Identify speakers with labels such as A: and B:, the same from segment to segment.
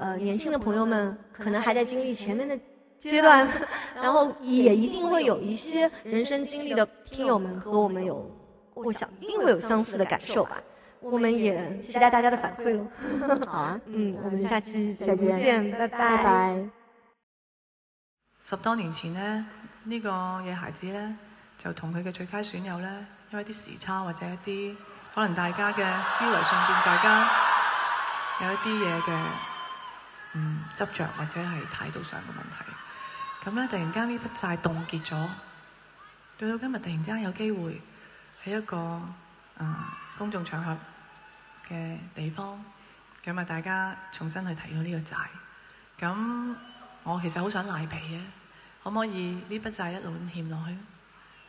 A: 呃，年輕的朋友們可能還在經歷前面的階段，然後也一定會有一些人生經歷的聽友們和我們有，我想一定會有相似的感受吧。我們也期待大家的反饋嘍。好啊， 嗯，我們下期再見，次見拜拜，拜拜。
B: 十多年前呢，呢、這個野孩子呢就同佢嘅最佳損友呢，因為啲時差或者一啲可能大家嘅思維上邊大家有一啲嘢嘅。嗯，執着或者係態度上嘅問題，咁咧突然間呢筆債凍結咗，到到今日突然間有機會喺一個誒、嗯、公眾場合嘅地方，咁啊大家重新去提到呢個債，咁我其實好想賴皮嘅，可唔可以呢筆債一路咁欠落去？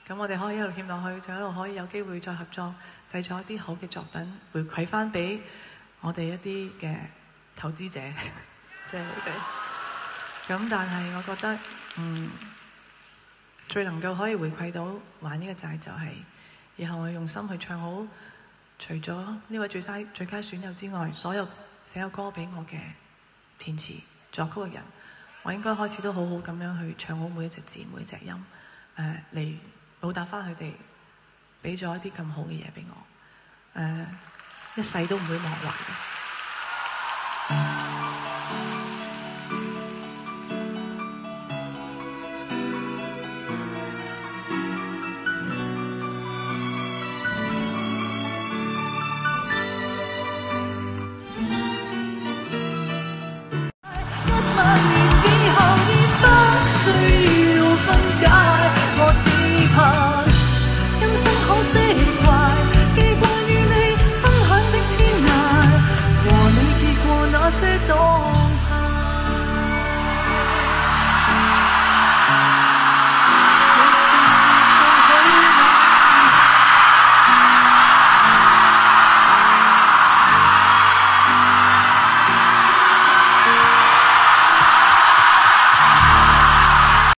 B: 咁我哋可以一路欠落去，就一路可以有機會再合作，製作一啲好嘅作品回饋翻俾我哋一啲嘅投資者。即係佢哋，咁但係我覺得，嗯，最能夠可以回饋到還呢個債就係以後我用心去唱好，除咗呢位最西最佳損友之外，所有寫咗歌俾我嘅填詞作曲嘅人，我應該開始都好好咁樣去唱好每一隻字每一隻音，誒嚟報答翻佢哋俾咗一啲咁好嘅嘢俾我，呃，一世都唔會忘懷。